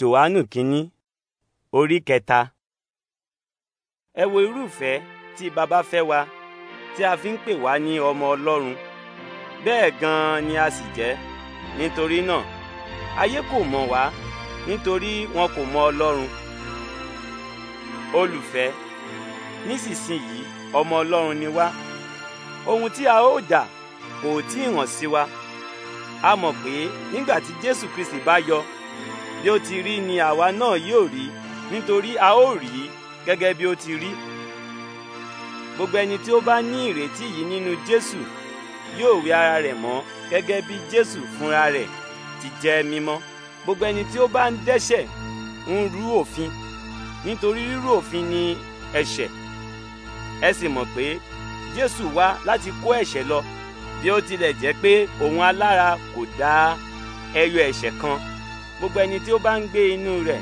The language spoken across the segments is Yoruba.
Jòhánù kínní orí kẹta. ẹ wo irúfẹ́ tí baba fẹ́ wa tí a fi ń pè wá ní ọmọ Ọlọ́run bẹ́ẹ̀ gan-an ni a sì jẹ́ nítorí náà ayé kò mọ̀ wá nítorí wọn kò mọ̀ Ọlọ́run olùfẹ́ nísinsìnyí ọmọ Ọlọ́run ni wá ohun tí a ó jà kò tí ì hàn sí wa a mọ̀ pé nígbà tí Jésù Kristi bá yọ bí ó ti rí ni àwa náà yóò rí nítorí a ó rí gẹ́gẹ́ bí ó ti rí gbogbo ẹni tí ó bá ní ìrètí yìí nínú Jésù yóò wẹ ara rẹ̀ mọ́ gẹ́gẹ́ bí Jésù fúnra rẹ̀ ti jẹ́ mímọ́ gbogbo ẹni tí ó bá ń dẹ́ṣẹ̀ ń rú òfin nítorí rírú òfin ni ẹ̀ṣẹ̀ ẹ sì mọ̀ pé Jésù wá láti kó ẹ̀ṣẹ̀ lọ bí ó tilẹ̀ jẹ́ pé òun alára kò dá ẹyọ ẹ̀ṣẹ̀ kan gbogbo ẹni tí ó bá ń gbé inú rẹ̀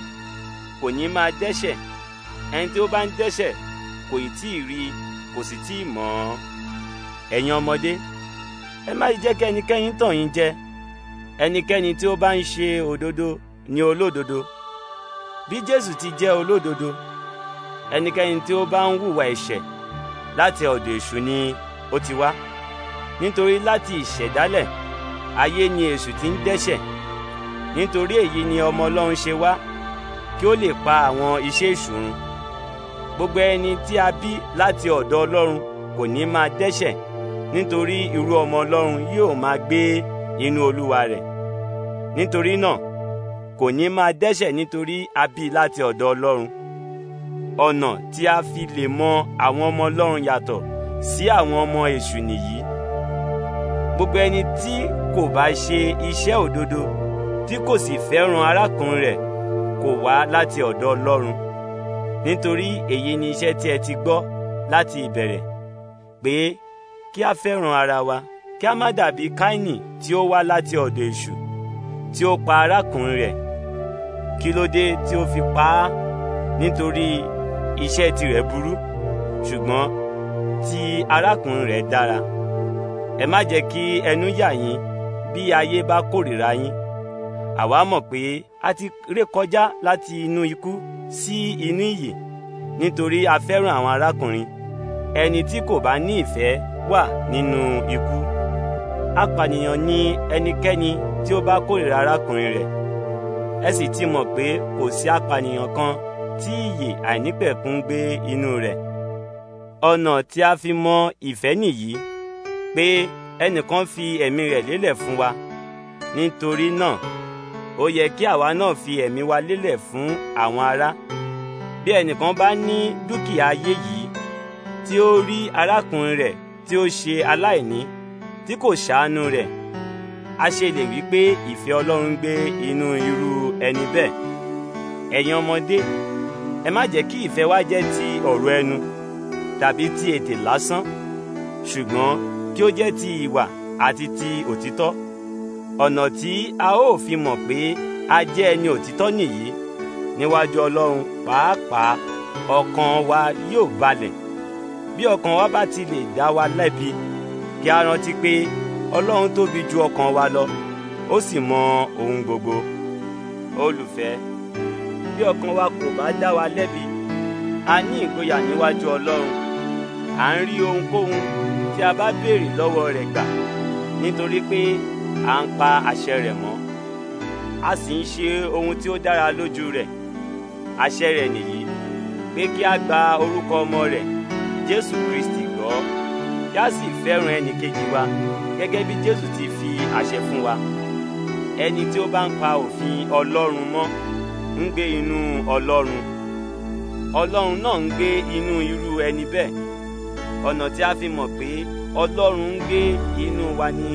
kò ní máa dẹ́ṣẹ̀ ẹni tí ó bá ń dẹ́ṣẹ̀ kò ì tí ì rí kò sì tí ì mọ̀ ọ́. ẹ̀yin ọmọdé ẹ má jẹ́ kí ẹnikẹ́ni tàn yín jẹ ẹnikẹ́ni tí ó bá ń ṣe òdodo ni olódodo bí jésù ti jẹ́ olódodo ẹnikẹ́ni tí ó bá ń hùwà ẹ̀ṣẹ̀ láti ọ̀dọ̀ èṣù ni ó ti wá nítorí láti ìṣẹ̀dálẹ̀ ayé ni èṣù ti ń dẹ́ṣẹ̀ nítorí èyí ni ọmọ ọlọ́run ṣe wá kí ó lè pa àwọn iṣẹ́ èṣù run gbogbo ẹni tí a bí láti ọ̀dọ̀ ọlọ́run kò ní máa dẹ́ṣẹ̀ nítorí irú ọmọ ọlọ́run yóò máa gbé inú olúwa rẹ̀ nítorí náà kò ní máa dẹ́ṣẹ̀ nítorí a bí láti ọ̀dọ̀ ọlọ́run ọ̀nà tí a fi lè mọ àwọn ọmọ ọlọ́run yàtọ̀ sí àwọn ọmọ èṣù nìyí gbogbo ẹni tí kò bá ṣe iṣẹ́ òdodo tí kò sì fẹ́ràn arákùnrin rẹ̀ kò wá láti ọ̀dọ̀ Ọlọ́run nítorí èyí ni iṣẹ́ tí ẹ ti gbọ́ láti ìbẹ̀rẹ̀ pé kí a fẹ́ràn ara wa kí a má dàbí Káínì tí ó wá láti ọ̀dọ̀ èṣù tí ó pa arákùnrin rẹ̀ kí ló dé tí ó fi pa á nítorí iṣẹ́ tirẹ̀ burú ṣùgbọ́n ti arákùnrin rẹ̀ dára ẹ má jẹ́ kí ẹnu yà yín bí ayé bá kórìíra yín àwa mọ̀ pé a ti rékọjá láti inú ikú sí inú ìyè nítorí a fẹ́ràn àwọn arákùnrin ẹni tí kò bá ní ìfẹ́ wà nínú ikú apànìyàn ni ẹnikẹ́ni tí ó bá kórìíra arákùnrin rẹ̀ ẹ sì ti mọ̀ pé kò sí apànìyàn kan tí ìyè àìnípẹ̀kun gbé inú rẹ̀ ọ̀nà tí a fi mọ ìfẹ́ nìyí pé ẹnìkan fi ẹ̀mí rẹ̀ lélẹ̀ fún wa nítorí náà ó yẹ kí àwa náà fi ẹ̀mí wa lélẹ̀ fún àwọn ará bí ẹnìkan bá ní dúkìá ayé yìí tí ó rí arákùnrin rẹ̀ tí ó ṣe aláìní tí kò ṣàánú rẹ̀ a ṣe lè wí pé ìfẹ́ Ọlọ́run gbé inú irú ẹni bẹ́ẹ̀ ẹ̀yin ọmọdé ẹ má jẹ́ kí ìfẹ́ wa jẹ́ ti ọ̀rọ̀ ẹnu tàbí ti ètè lásán ṣùgbọ́n kí ó jẹ́ ti ìwà àti ti òtítọ́ ọ̀nà tí a ó fi mọ̀ pé a jẹ́ ẹni òtítọ́ nìyí níwájú ọlọ́run pàápàá ọkàn wa yóò balẹ̀ bí ọkàn wa bá ti lè dá wa lẹ́bi kí a rántí pé ọlọ́run tóbi ju ọkàn wa lọ ó sì mọ ohun gbogbo olùfẹ́ bí ọkàn wa kò bá dá wa lẹ́bi a ní ìgboyà níwájú ọlọ́run à ń rí ohunkóhun tí a bá béèrè lọ́wọ́ rẹ̀ gbà nítorí pé à ń pa àṣẹ rẹ̀ mọ́ a sì ń ṣe ohun tí ó dára lójú rẹ̀ àṣẹ rẹ̀ nìyí pé kí a gba orúkọ ọmọ rẹ̀ Jésù Kristi gbọ́ kí a sì fẹ́ràn ẹnì kejì wa gẹ́gẹ́ bí Jésù ti fi àṣẹ fún wa ẹni tí ó bá ń pa òfin Ọlọ́run mọ́ ń gbé inú Ọlọ́run Ọlọ́run náà ń gbé inú irú ẹni bẹ́ẹ̀ ọ̀nà tí a fi mọ̀ pé Ọlọ́run ń gbé inú wa ni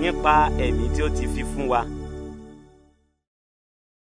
nípa ẹ̀mí tí ó ti fi fún wa.